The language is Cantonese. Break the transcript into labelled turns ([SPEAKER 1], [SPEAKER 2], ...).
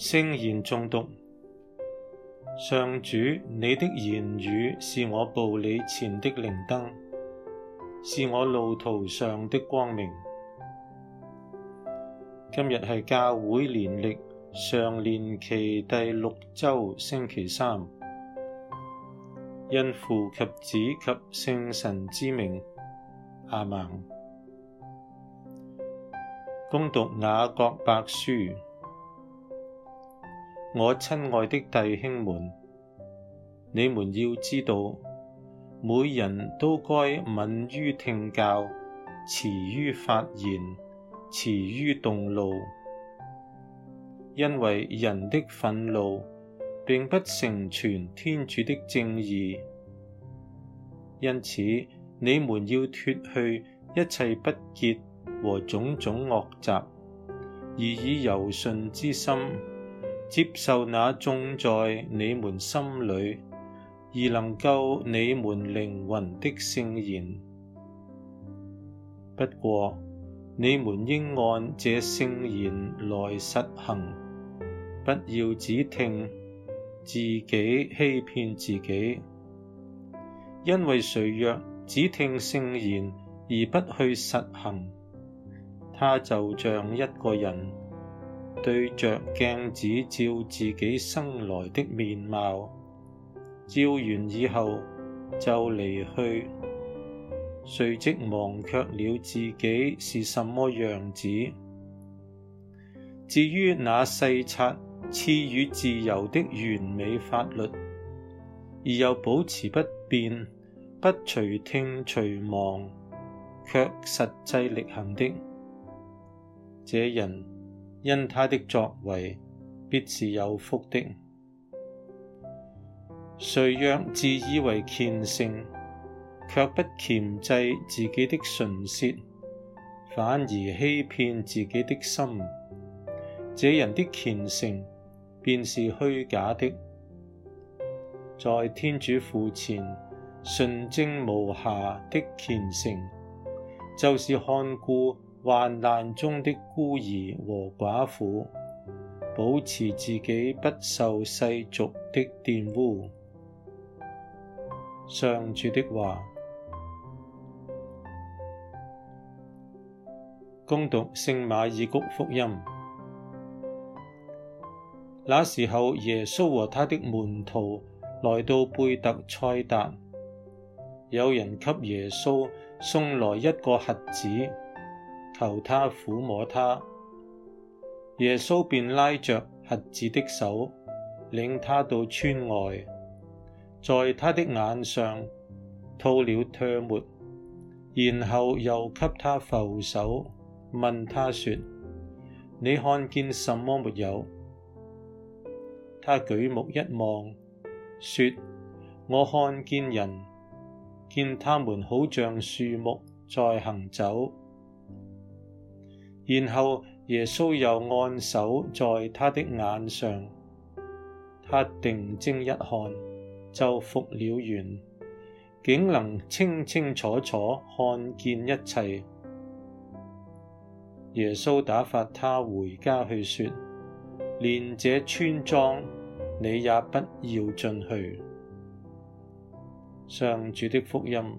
[SPEAKER 1] 聖言誦讀，上主，你的言語是我步履前的靈燈，是我路途上的光明。今日係教會年曆常年期第六周星期三，因父及子及聖神之名，阿門。恭讀雅各伯書。我親愛的弟兄們，你們要知道，每人都該敏於聽教，遲於發言，遲於動怒，因為人的忿怒並不成全天主的正義。因此，你們要脱去一切不潔和種種惡習，而以柔順之心。接受那種在你們心裏而能救你們靈魂的聖言，不過你們應按這聖言來實行，不要只聽自己欺騙自己，因為誰若只聽聖言而不去實行，他就像一個人。對着鏡子照自己生來的面貌，照完以後就離去，隨即忘卻了自己是什麼樣子。至於那細察賜予自由的完美法律，而又保持不變、不隨聽隨忘，卻實際力行的這人。因他的作為必是有福的。誰若自以為虔誠，却不鉗制自己的唇舌，反而欺騙自己的心，這人的虔誠便是虛假的。在天主父前，純正無瑕的虔誠，就是看顧。患難中的孤兒和寡婦，保持自己不受世俗的玷污。上主的話。恭讀聖馬爾谷福音。那時候，耶穌和他的門徒來到貝特賽達，有人給耶穌送來一個瞎子。求他撫摸他，耶穌便拉着瞎子的手，領他到村外，在他的眼上吐了唾沫，然後又給他覆手，問他說：你看見什麼沒有？他舉目一望，說：我看見人，見他們好像樹木在行走。然後，耶穌又按手在他的眼上，他定睛一看，就復了原，竟能清清楚楚看見一切。耶穌打發他回家去說：連這村莊你也不要進去。上主的福音。